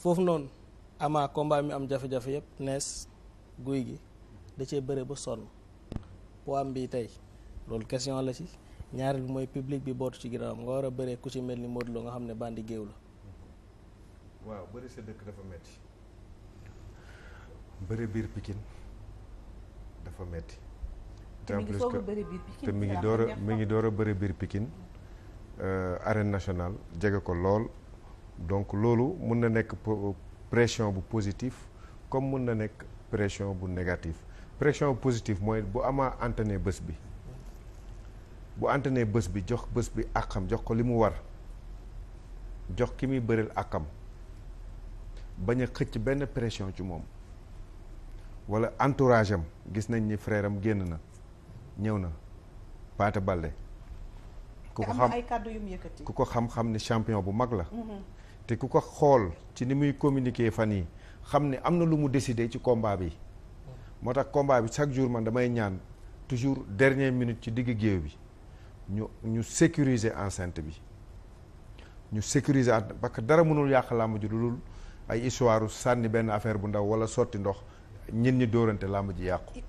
foofu noonu amaa combat mi am jafe-jafe yëpp nees guy gi da cee bëre ba sonn poam bi tey loolu question la ci ñaareel bi mooy public bi bootu ci ginnaawam nga war a bëree ku ci mel ni Modou Lo nga xam ne bandi géew la. waaw bëri sa dëkk dafa metti bëri biir Pikine dafa metti te en mi ngi door a mi ngi door a bëri biir Pikine euh, arène nationale jege ko lool. donc loolu mun na nekk pression bu positif comme mun na nekk pression bu négatif pression positif mooy bu Ama entraîné bës bi bu entraîné bés bi jox bës bi àqam jox ko li mu war jox ki muy bëreel àqam bañ a xëcc benn pression ci moom wala entourage am gis nañ ni frère génn na ñëw na Paate Baldé ku ko xam xam ni champion bu mag la mm-hmm. te ku ko xool ci ni muy communiquer fan yi xam ne am na lu mu décider ci combat bi moo tax combat bi chaque jour man damay ñaan toujours dernier minute ci diggu géew bi ñu ñu sécuriser enceinte bi ñu sécuriser at parce que dara mënul yàq làmb ji dulul ay histoire sànni benn affaire bu ndaw wala sotti ndox ñin ñi dóorante làmb ji yàqu